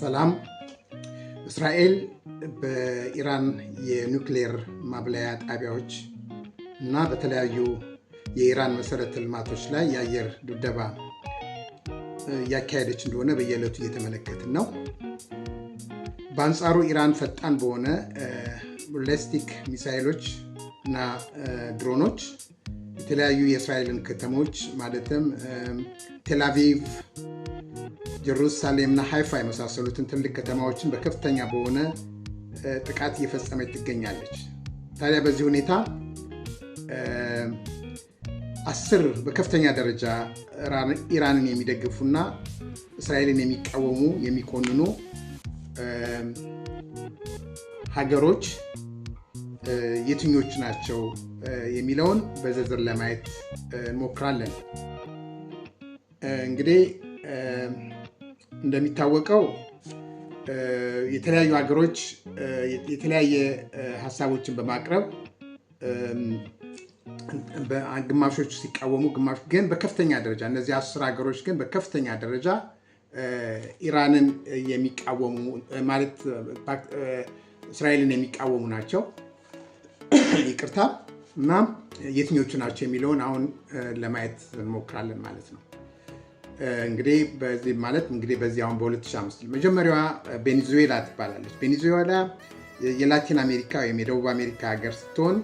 ሰላም እስራኤል በኢራን የኒውክሌር ማብለያ ጣቢያዎች እና በተለያዩ የኢራን መሰረተ ልማቶች ላይ የአየር ድብደባ እያካሄደች እንደሆነ በየዕለቱ እየተመለከትን ነው። በአንጻሩ ኢራን ፈጣን በሆነ ቦሊስቲክ ሚሳይሎች እና ድሮኖች የተለያዩ የእስራኤልን ከተሞች ማለትም ቴላቪቭ ጀሩሳሌምና ሃይፋ የመሳሰሉትን ትልቅ ከተማዎችን በከፍተኛ በሆነ ጥቃት እየፈጸመች ትገኛለች። ታዲያ በዚህ ሁኔታ አስር በከፍተኛ ደረጃ ኢራንን የሚደግፉና እስራኤልን የሚቃወሙ የሚኮንኑ ሀገሮች የትኞቹ ናቸው የሚለውን በዝርዝር ለማየት እንሞክራለን። እንግዲህ እንደሚታወቀው የተለያዩ ሀገሮች የተለያየ ሀሳቦችን በማቅረብ ግማሾቹ ሲቃወሙ፣ ግማሽ ግን በከፍተኛ ደረጃ እነዚህ አስር ሀገሮች ግን በከፍተኛ ደረጃ ኢራንን የሚቃወሙ ማለት እስራኤልን የሚቃወሙ ናቸው። ይቅርታ እና የትኞቹ ናቸው የሚለውን አሁን ለማየት እንሞክራለን ማለት ነው። እንግዲህ በዚህ ማለት እንግዲህ በዚህ አሁን በ2005 መጀመሪያዋ ቬኔዙዌላ ትባላለች። ቬኔዙዌላ የላቲን አሜሪካ ወይም የደቡብ አሜሪካ ሀገር ስትሆን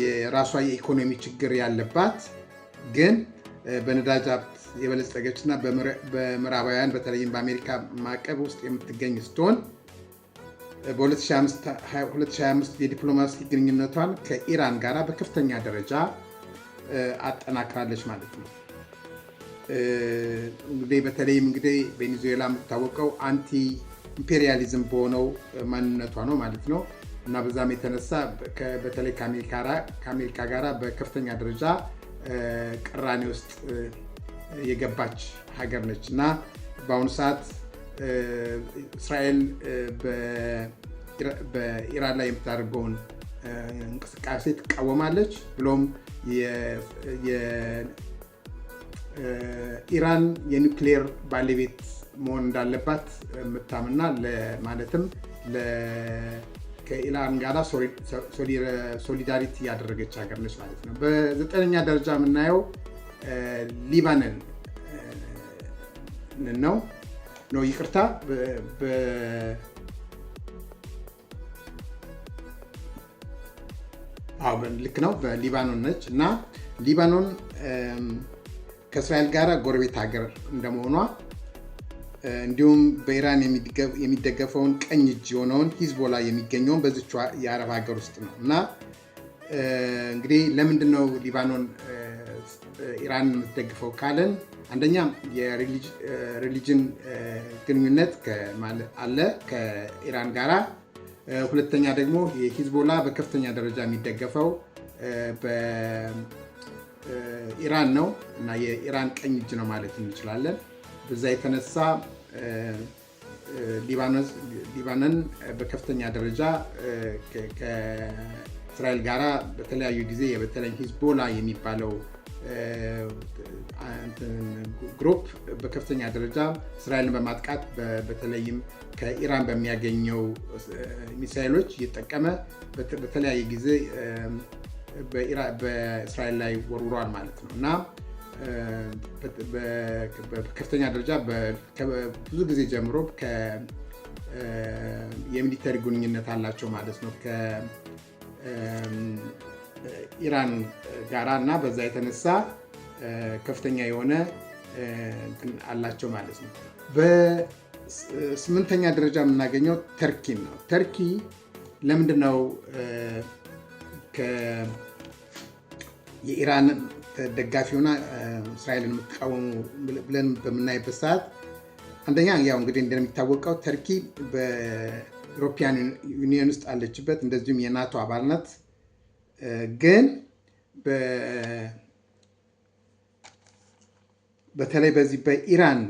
የራሷ የኢኮኖሚ ችግር ያለባት ግን በነዳጅ ሀብት የበለጸገች እና በምዕራባውያን በተለይም በአሜሪካ ማዕቀብ ውስጥ የምትገኝ ስትሆን በ2025 የዲፕሎማሲ ግንኙነቷን ከኢራን ጋር በከፍተኛ ደረጃ አጠናክራለች ማለት ነው። እንግዲህ በተለይም እንግዲህ ቬኔዙዌላ የምታወቀው አንቲ ኢምፔሪያሊዝም በሆነው ማንነቷ ነው ማለት ነው እና በዛም የተነሳ በተለይ ከአሜሪካ ጋራ በከፍተኛ ደረጃ ቅራኔ ውስጥ የገባች ሀገር ነች እና በአሁኑ ሰዓት እስራኤል በኢራን ላይ የምታደርገውን እንቅስቃሴ ትቃወማለች ብሎም ኢራን የኒክሌር ባለቤት መሆን እንዳለባት የምታምና ማለትም ከኢራን ጋራ ሶሊዳሪቲ ያደረገች ሀገር ነች ማለት ነው። በዘጠነኛ ደረጃ የምናየው ሊባነን ነው ነው ይቅርታ ልክ ነው፣ በሊባኖን ነች እና ሊባኖን ከእስራኤል ጋር ጎረቤት ሀገር እንደመሆኗ እንዲሁም በኢራን የሚደገፈውን ቀኝ እጅ የሆነውን ሂዝቦላ የሚገኘውን በዚች የአረብ ሀገር ውስጥ ነው እና እንግዲህ ለምንድን ነው ሊባኖን ኢራን የምትደግፈው ካለን አንደኛ የሪሊጅን ግንኙነት አለ ከኢራን ጋራ። ሁለተኛ ደግሞ የሂዝቦላ በከፍተኛ ደረጃ የሚደገፈው ኢራን ነው እና የኢራን ቀኝ እጅ ነው ማለት እንችላለን። በዛ የተነሳ ሊባኖን በከፍተኛ ደረጃ ከእስራኤል ጋር በተለያዩ ጊዜ በተለይ ሂዝቦላ የሚባለው ግሩፕ በከፍተኛ ደረጃ እስራኤልን በማጥቃት በተለይም ከኢራን በሚያገኘው ሚሳይሎች እየጠቀመ በተለያየ ጊዜ በእስራኤል ላይ ወርውሯል ማለት ነው እና በከፍተኛ ደረጃ ብዙ ጊዜ ጀምሮ የሚሊተሪ ግንኙነት አላቸው ማለት ነው ከኢራን ጋራ እና በዛ የተነሳ ከፍተኛ የሆነ አላቸው ማለት ነው። በስምንተኛ ደረጃ የምናገኘው ተርኪን ነው። ተርኪ ለምንድነው የኢራን ደጋፊ ሆና እስራኤልን የምትቃወሙ ብለን በምናይበት ሰዓት አንደኛ ያው እንግዲህ እንደሚታወቀው ተርኪ በኢሮፒያን ዩኒየን ውስጥ አለችበት፣ እንደዚሁም የናቶ አባል ናት። ግን በተለይ በዚህ በኢራን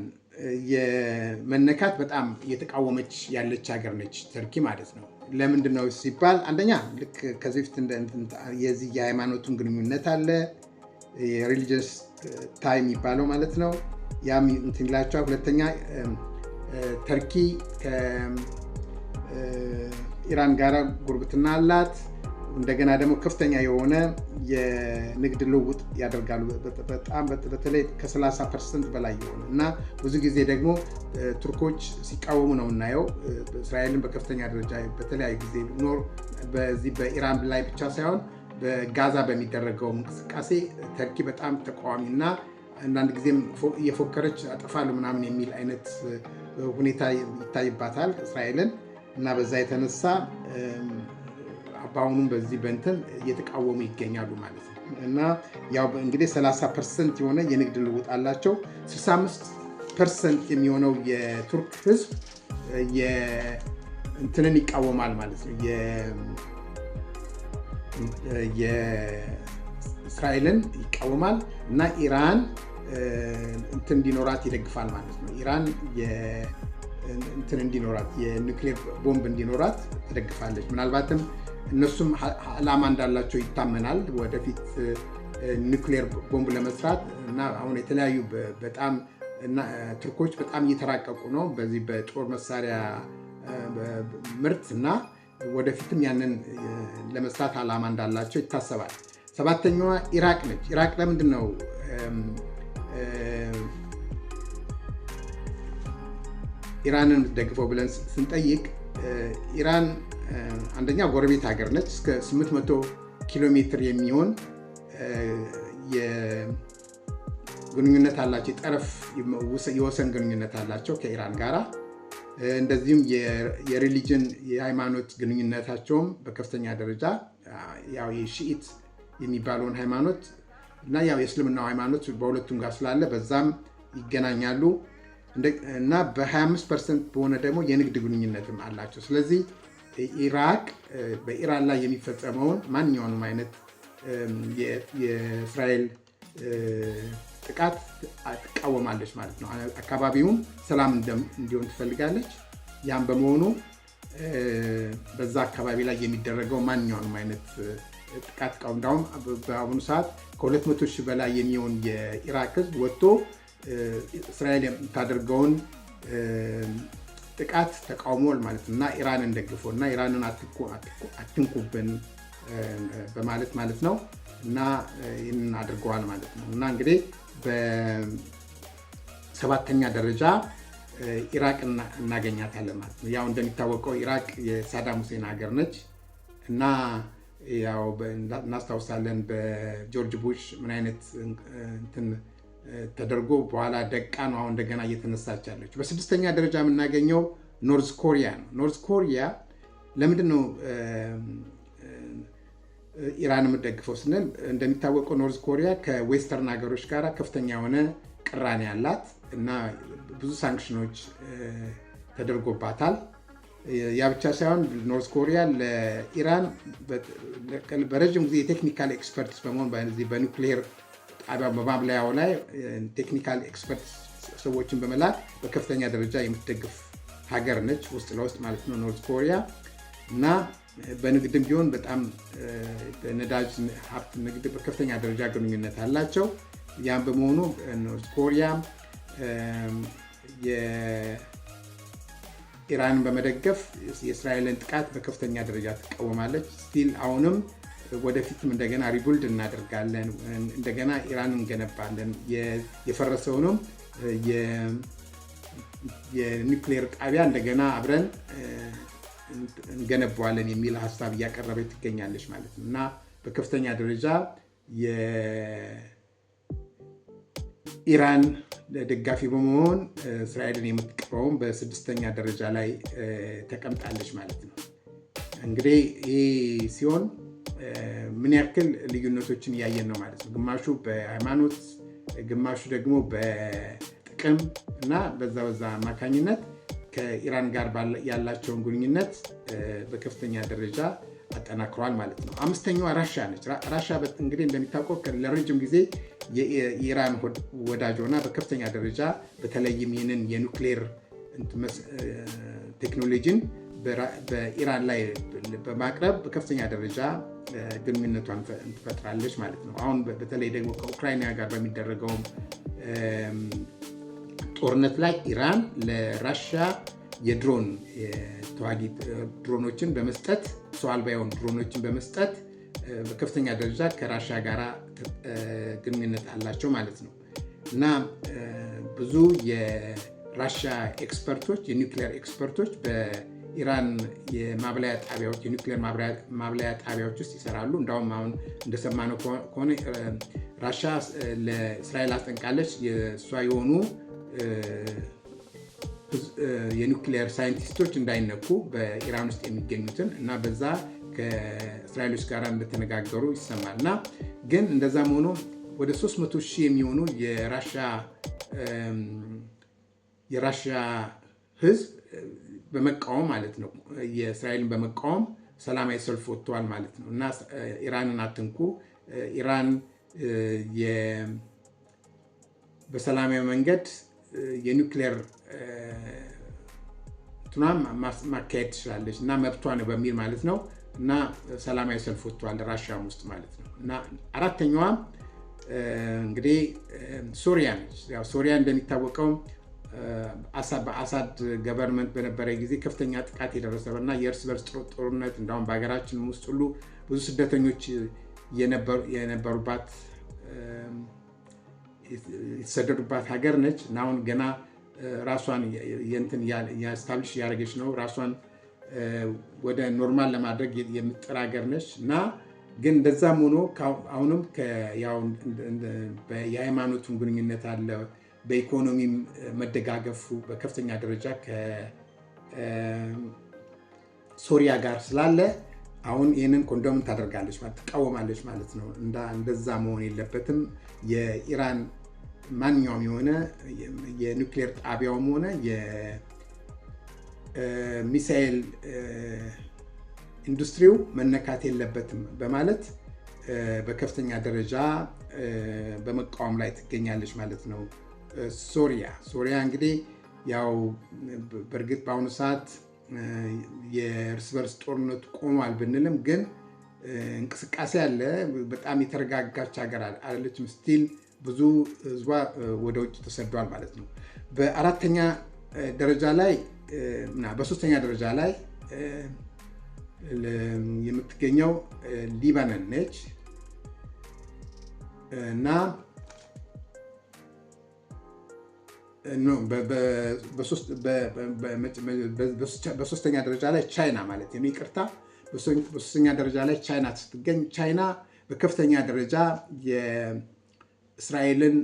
የመነካት በጣም እየተቃወመች ያለች ሀገር ነች ተርኪ ማለት ነው። ለምንድን ነው ሲባል አንደኛ ልክ ከዚህ ፊት የዚህ የሃይማኖቱን ግንኙነት አለ የሪሊጅስ ታይም የሚባለው ማለት ነው። ያም እንትን ይላቸዋል። ሁለተኛ ተርኪ ከኢራን ጋር ጉርብትና አላት። እንደገና ደግሞ ከፍተኛ የሆነ የንግድ ልውውጥ ያደርጋሉ። በጣም በተለይ ከ30 ፐርሰንት በላይ የሆነ እና ብዙ ጊዜ ደግሞ ቱርኮች ሲቃወሙ ነው የምናየው። እስራኤልን በከፍተኛ ደረጃ በተለያዩ ጊዜ ኖር በዚህ በኢራን ላይ ብቻ ሳይሆን በጋዛ በሚደረገው እንቅስቃሴ ተርኪ በጣም ተቃዋሚ እና አንዳንድ ጊዜም እየፎከረች አጠፋሉ ምናምን የሚል አይነት ሁኔታ ይታይባታል እስራኤልን እና በዛ የተነሳ በአሁኑም በዚህ በንትን እየተቃወሙ ይገኛሉ ማለት ነው። እና ያው እንግዲህ 30 ፐርሰንት የሆነ የንግድ ልውጥ አላቸው። 65 ፐርሰንት የሚሆነው የቱርክ ህዝብ እንትንን ይቃወማል ማለት ነው። የእስራኤልን ይቃወማል እና ኢራን እንትን እንዲኖራት ይደግፋል ማለት ነው። ኢራን እንትን እንዲኖራት የኒክሌር ቦምብ እንዲኖራት ትደግፋለች ምናልባትም እነሱም ዓላማ እንዳላቸው ይታመናል። ወደፊት ኒክሌር ቦምብ ለመስራት እና አሁን የተለያዩ በጣም ቱርኮች በጣም እየተራቀቁ ነው በዚህ በጦር መሳሪያ ምርት እና ወደፊትም ያንን ለመስራት ዓላማ እንዳላቸው ይታሰባል። ሰባተኛዋ ኢራቅ ነች። ኢራቅ ለምንድን ነው ኢራንን የምትደግፈው ብለን ስንጠይቅ ኢራን አንደኛ ጎረቤት ሀገር ነች። እስከ 800 ኪሎ ሜትር የሚሆን ግንኙነት አላቸው። የጠረፍ የወሰን ግንኙነት አላቸው ከኢራን ጋራ። እንደዚሁም የሪሊጅን የሃይማኖት ግንኙነታቸውም በከፍተኛ ደረጃ ያው የሺኢት የሚባለውን ሃይማኖት እና ያው የእስልምናው ሃይማኖት በሁለቱም ጋር ስላለ በዛም ይገናኛሉ። እና በ25 ፐርሰንት በሆነ ደግሞ የንግድ ግንኙነትም አላቸው። ስለዚህ ኢራቅ በኢራን ላይ የሚፈጸመውን ማንኛውንም አይነት የእስራኤል ጥቃት ትቃወማለች ማለት ነው። አካባቢውም ሰላም እንዲሆን ትፈልጋለች። ያም በመሆኑ በዛ አካባቢ ላይ የሚደረገው ማንኛውንም አይነት ጥቃት ቃወም። እንዳውም በአሁኑ ሰዓት ከ200 ሺህ በላይ የሚሆን የኢራቅ ህዝብ ወጥቶ እስራኤል የምታደርገውን ጥቃት ተቃውሟል ማለት እና ኢራንን ደግፎ እና ኢራንን አትንኩብን በማለት ማለት ነው እና ይህንን አድርገዋል ማለት ነው እና እንግዲህ በሰባተኛ ደረጃ ኢራቅ እናገኛታለን ማለት ነው። ያው እንደሚታወቀው ኢራቅ የሳዳም ሁሴን ሀገር ነች እና ያው እናስታውሳለን በጆርጅ ቡሽ ምን አይነት እንትን ተደርጎ በኋላ ደቃ ነው አሁን እንደገና እየተነሳች ያለች። በስድስተኛ ደረጃ የምናገኘው ኖርዝ ኮሪያ ነው። ኖርዝ ኮሪያ ለምንድን ነው ኢራን የምደግፈው ስንል እንደሚታወቀው ኖርዝ ኮሪያ ከዌስተርን ሀገሮች ጋር ከፍተኛ የሆነ ቅራኔ ያላት እና ብዙ ሳንክሽኖች ተደርጎባታል። ያ ብቻ ሳይሆን ኖርዝ ኮሪያ ለኢራን በረዥም ጊዜ የቴክኒካል ኤክስፐርት በመሆን በኒክሌር በማብለያው ላይ ቴክኒካል ኤክስፐርት ሰዎችን በመላክ በከፍተኛ ደረጃ የምትደግፍ ሀገር ነች፣ ውስጥ ለውስጥ ማለት ነው ኖርዝ ኮሪያ እና በንግድም ቢሆን በጣም በነዳጅ ሀብት ንግድ በከፍተኛ ደረጃ ግንኙነት አላቸው። ያም በመሆኑ ኖርዝ ኮሪያ ኢራንን በመደገፍ የእስራኤልን ጥቃት በከፍተኛ ደረጃ ትቃወማለች። ስቲል አሁንም ወደፊትም እንደገና ሪቡልድ እናደርጋለን፣ እንደገና ኢራን እንገነባለን፣ የፈረሰውንም የኒክሌር ጣቢያ እንደገና አብረን እንገነባዋለን የሚል ሀሳብ እያቀረበች ትገኛለች ማለት ነው እና በከፍተኛ ደረጃ የኢራን ደጋፊ በመሆን እስራኤልን የምትቀረውም በስድስተኛ ደረጃ ላይ ተቀምጣለች ማለት ነው። እንግዲህ ይህ ሲሆን ምን ያክል ልዩነቶችን እያየን ነው ማለት ነው። ግማሹ በሃይማኖት ግማሹ ደግሞ በጥቅም እና በዛ በዛ አማካኝነት ከኢራን ጋር ያላቸውን ግንኙነት በከፍተኛ ደረጃ አጠናክሯል ማለት ነው። አምስተኛዋ ራሻ ነች። ራሻ እንግዲህ እንደሚታወቀው ለረጅም ጊዜ የኢራን ወዳጅ ሆና በከፍተኛ ደረጃ በተለይም ይህንን የኒክሌር ቴክኖሎጂን በኢራን ላይ በማቅረብ በከፍተኛ ደረጃ ግንኙነቷን ትፈጥራለች ማለት ነው። አሁን በተለይ ደግሞ ከኡክራይና ጋር በሚደረገውም ጦርነት ላይ ኢራን ለራሻ የድሮን ተዋጊ ድሮኖችን በመስጠት ሰው አልባ የሆኑ ድሮኖችን በመስጠት በከፍተኛ ደረጃ ከራሻ ጋር ግንኙነት አላቸው ማለት ነው እና ብዙ የራሻ ኤክስፐርቶች የኒውክሊየር ኤክስፐርቶች ኢራን የማብላያ ጣቢያዎች የኒውክሌር ማብላያ ጣቢያዎች ውስጥ ይሰራሉ። እንዳውም አሁን እንደሰማነው ከሆነ ራሻ ለእስራኤል አስጠንቃለች። የእሷ የሆኑ የኒውክሌር ሳይንቲስቶች እንዳይነኩ በኢራን ውስጥ የሚገኙትን እና በዛ ከእስራኤሎች ጋር እንደተነጋገሩ ይሰማል እና ግን እንደዛም ሆኖ ወደ 300 ሺህ የሚሆኑ የራሻ የራሻ ህዝብ በመቃወም ማለት ነው የእስራኤልን በመቃወም ሰላማዊ ሰልፍ ወጥተዋል ማለት ነው እና ኢራንን አትንኩ፣ ኢራን በሰላማዊ መንገድ የኒውክሌር እንትኗን ማካሄድ ትችላለች እና መብቷ ነው በሚል ማለት ነው እና ሰላማዊ ሰልፍ ወጥተዋል ራሽያም ውስጥ ማለት ነው እና አራተኛዋ እንግዲህ ሶሪያ ነች። ሶሪያ እንደሚታወቀው በአሳድ ገቨርንመንት በነበረ ጊዜ ከፍተኛ ጥቃት የደረሰበት እና የእርስ በርስ ጦርነት እንዲሁም በሀገራችን ውስጥ ሁሉ ብዙ ስደተኞች የነበሩባት የተሰደዱባት ሀገር ነች እና አሁን ገና ራሷን እንትን ስታብሊሽ እያደረገች ነው። ራሷን ወደ ኖርማል ለማድረግ የምጥር ሀገር ነች እና ግን እንደዛም ሆኖ አሁንም የሃይማኖቱን ግንኙነት አለ በኢኮኖሚም መደጋገፉ በከፍተኛ ደረጃ ከሶሪያ ጋር ስላለ አሁን ይህንን ኮንዶምን ታደርጋለች ማለት ትቃወማለች ማለት ነው። እንደዛ መሆን የለበትም። የኢራን ማንኛውም የሆነ የኒውክሌር ጣቢያውም ሆነ የሚሳኤል ኢንዱስትሪው መነካት የለበትም በማለት በከፍተኛ ደረጃ በመቃወም ላይ ትገኛለች ማለት ነው። ሶሪያ ሶሪያ እንግዲህ ያው በእርግጥ በአሁኑ ሰዓት የእርስ በርስ ጦርነቱ ቆሟል ብንልም ግን እንቅስቃሴ አለ። በጣም የተረጋጋች ሀገር አለችም። ስቲል ብዙ ህዝቧ ወደ ውጭ ተሰዷል ማለት ነው። በአራተኛ ደረጃ ላይ እና በሶስተኛ ደረጃ ላይ የምትገኘው ሊባኖን ነች እና በሶስተኛ ደረጃ ላይ ቻይና ማለት የሚቅርታ በሶስተኛ ደረጃ ላይ ቻይና ስትገኝ ቻይና በከፍተኛ ደረጃ የእስራኤልን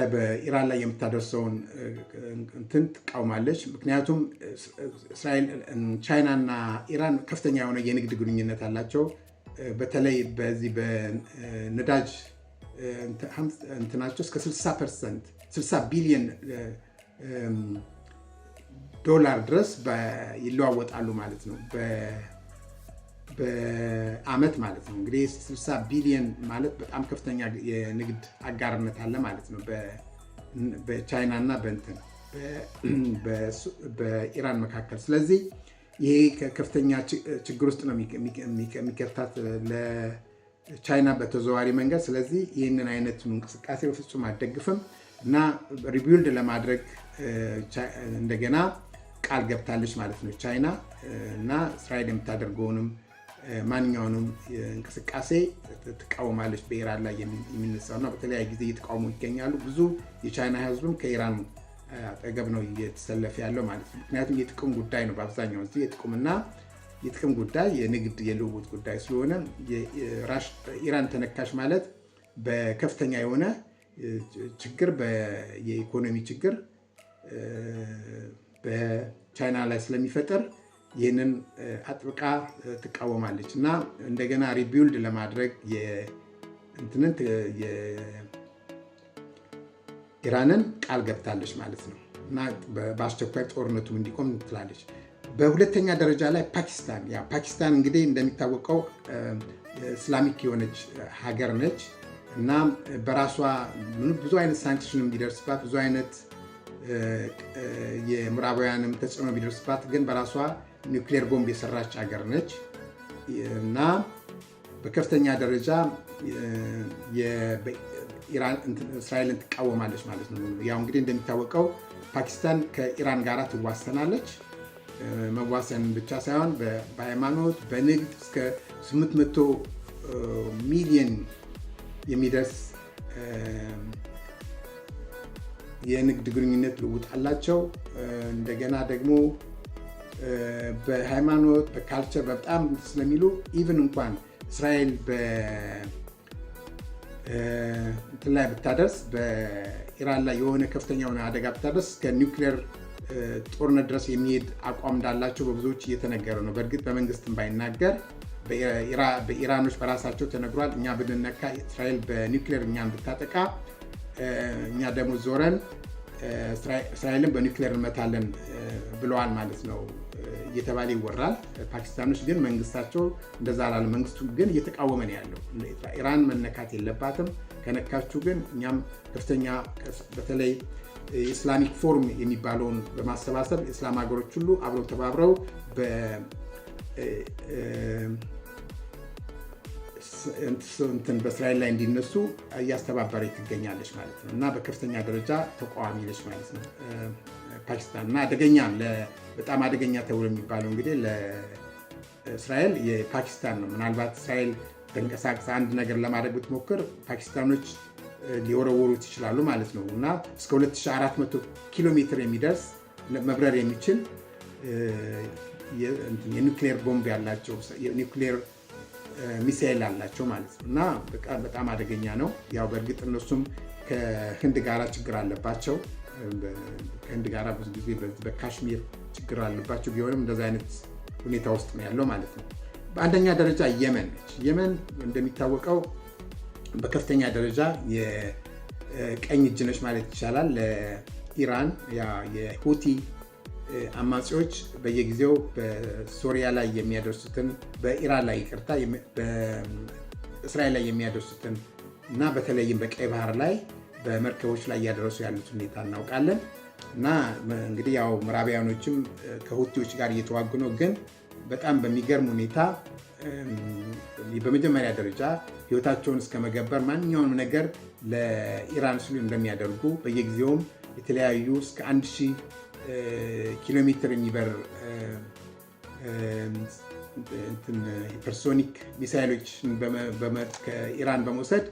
ላይ በኢራን ላይ የምታደርሰውን እንትን ትቃውማለች። ምክንያቱም ቻይና እና ኢራን ከፍተኛ የሆነ የንግድ ግንኙነት አላቸው። በተለይ በዚህ በነዳጅ እንትናቸው እስከ 60 ቢሊዮን ዶላር ድረስ ይለዋወጣሉ ማለት ነው፣ በአመት ማለት ነው። እንግዲህ 60 ቢሊዮን ማለት በጣም ከፍተኛ የንግድ አጋርነት አለ ማለት ነው በቻይና እና በእንትን በኢራን መካከል። ስለዚህ ይሄ ከፍተኛ ችግር ውስጥ ነው የሚከታት ቻይና በተዘዋዋሪ መንገድ። ስለዚህ ይህንን አይነት እንቅስቃሴ በፍጹም አደግፍም እና ሪቢውልድ ለማድረግ እንደገና ቃል ገብታለች ማለት ነው ቻይና እና እስራኤል የምታደርገውንም ማንኛውንም እንቅስቃሴ ትቃወማለች። በኢራን ላይ የሚነሳውና በተለያየ ጊዜ እየተቃውሞ ይገኛሉ። ብዙ የቻይና ህዝብም ከኢራን አጠገብ ነው እየተሰለፈ ያለው ማለት ነው። ምክንያቱም የጥቅም ጉዳይ ነው በአብዛኛው እዚህ የጥቅምና የጥቅም ጉዳይ የንግድ የልውውጥ ጉዳይ ስለሆነ ኢራን ተነካሽ ማለት በከፍተኛ የሆነ ችግር የኢኮኖሚ ችግር በቻይና ላይ ስለሚፈጠር ይህንን አጥብቃ ትቃወማለች እና እንደገና ሪቢውልድ ለማድረግ እንትንን ኢራንን ቃል ገብታለች ማለት ነው እና በአስቸኳይ ጦርነቱም እንዲቆም ትላለች። በሁለተኛ ደረጃ ላይ ፓኪስታን ያ ፓኪስታን እንግዲህ እንደሚታወቀው እስላሚክ የሆነች ሀገር ነች እና በራሷ ብዙ አይነት ሳንክሽን ቢደርስባት ብዙ አይነት የምዕራባውያንም ተጽዕኖ ቢደርስባት ግን በራሷ ኒውክሌር ቦምብ የሰራች ሀገር ነች እና በከፍተኛ ደረጃ እስራኤልን ትቃወማለች ማለት ነው። ያው እንግዲህ እንደሚታወቀው ፓኪስታን ከኢራን ጋር ትዋሰናለች። መዋሰን ብቻ ሳይሆን በሃይማኖት፣ በንግድ እስከ 800 ሚሊየን የሚደርስ የንግድ ግንኙነት ልውጥ አላቸው። እንደገና ደግሞ በሃይማኖት በካልቸር በጣም ስለሚሉ ኢቨን እንኳን እስራኤል ላይ ብታደርስ በኢራን ላይ የሆነ ከፍተኛ የሆነ አደጋ ብታደርስ ከኒውክሌር ጦርነት ድረስ የሚሄድ አቋም እንዳላቸው በብዙዎች እየተነገረ ነው። በእርግጥ በመንግስትም ባይናገር በኢራኖች በራሳቸው ተነግሯል። እኛ ብንነካ እስራኤል በኒውክሌር እኛን ብታጠቃ እኛ ደግሞ ዞረን እስራኤልን በኒውክሌር እንመታለን ብለዋል ማለት ነው እየተባለ ይወራል። ፓኪስታኖች ግን መንግስታቸው እንደዛ ላለ መንግስቱ ግን እየተቃወመ ነው ያለው። ኢራን መነካት የለባትም ከነካችሁ ግን እኛም ከፍተኛ በተለይ ኢስላሚክ ፎርም የሚባለውን በማሰባሰብ እስላም ሀገሮች ሁሉ አብረው ተባብረው እንትን በእስራኤል ላይ እንዲነሱ እያስተባበረች ትገኛለች ማለት ነው። እና በከፍተኛ ደረጃ ተቃዋሚ ነች ማለት ነው ፓኪስታን። እና አደገኛ በጣም አደገኛ ተብሎ የሚባለው እንግዲህ ለእስራኤል የፓኪስታን ነው። ምናልባት እስራኤል ተንቀሳቅሰ አንድ ነገር ለማድረግ ብትሞክር ፓኪስታኖች ሊወረወሩት ይችላሉ ማለት ነው እና እስከ 2400 ኪሎ ሜትር የሚደርስ መብረር የሚችል የኒክሌር ቦምብ ያላቸው የኒክሌር ሚሳኤል አላቸው ማለት ነው እና በጣም አደገኛ ነው። ያው በእርግጥ እነሱም ከህንድ ጋራ ችግር አለባቸው። ከህንድ ጋራ ብዙ ጊዜ በካሽሚር ችግር አለባቸው። ቢሆንም እንደዚ አይነት ሁኔታ ውስጥ ነው ያለው ማለት ነው። በአንደኛ ደረጃ የመን ነች። የመን እንደሚታወቀው በከፍተኛ ደረጃ የቀኝ እጅ ነች ማለት ይቻላል ለኢራን። የሁቲ አማጺዎች በየጊዜው በሶሪያ ላይ የሚያደርሱትን በኢራን ላይ ይቅርታ፣ በእስራኤል ላይ የሚያደርሱትን እና በተለይም በቀይ ባህር ላይ በመርከቦች ላይ እያደረሱ ያሉት ሁኔታ እናውቃለን። እና እንግዲህ ያው ምዕራባውያኖችም ከሁቲዎች ጋር እየተዋጉ ነው ግን በጣም በሚገርም ሁኔታ በመጀመሪያ ደረጃ ህይወታቸውን እስከ መገበር ማንኛውንም ነገር ለኢራን ሲሉ እንደሚያደርጉ በየጊዜውም የተለያዩ እስከ 1 ኪሎ ሜትር የሚበር ሂፐርሶኒክ ሚሳይሎች ከኢራን በመውሰድ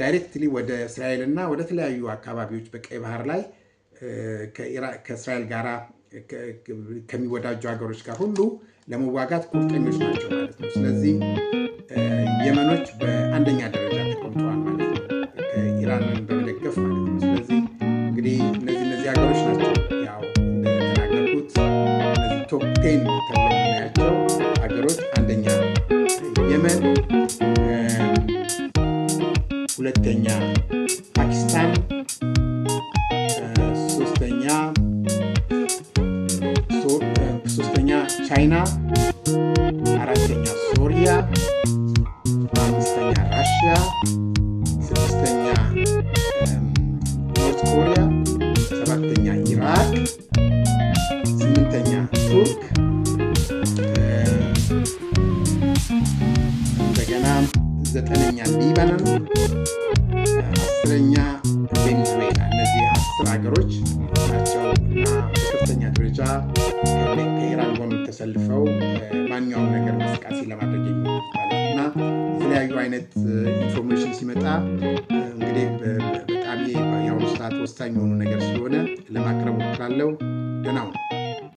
ዳይሬክትሊ ወደ እስራኤል እና ወደ ተለያዩ አካባቢዎች በቀይ ባህር ላይ ከእስራኤል ጋራ ከሚወዳጁ ሀገሮች ጋር ሁሉ ለመዋጋት ቁርጠኞች ናቸው ማለት ነው።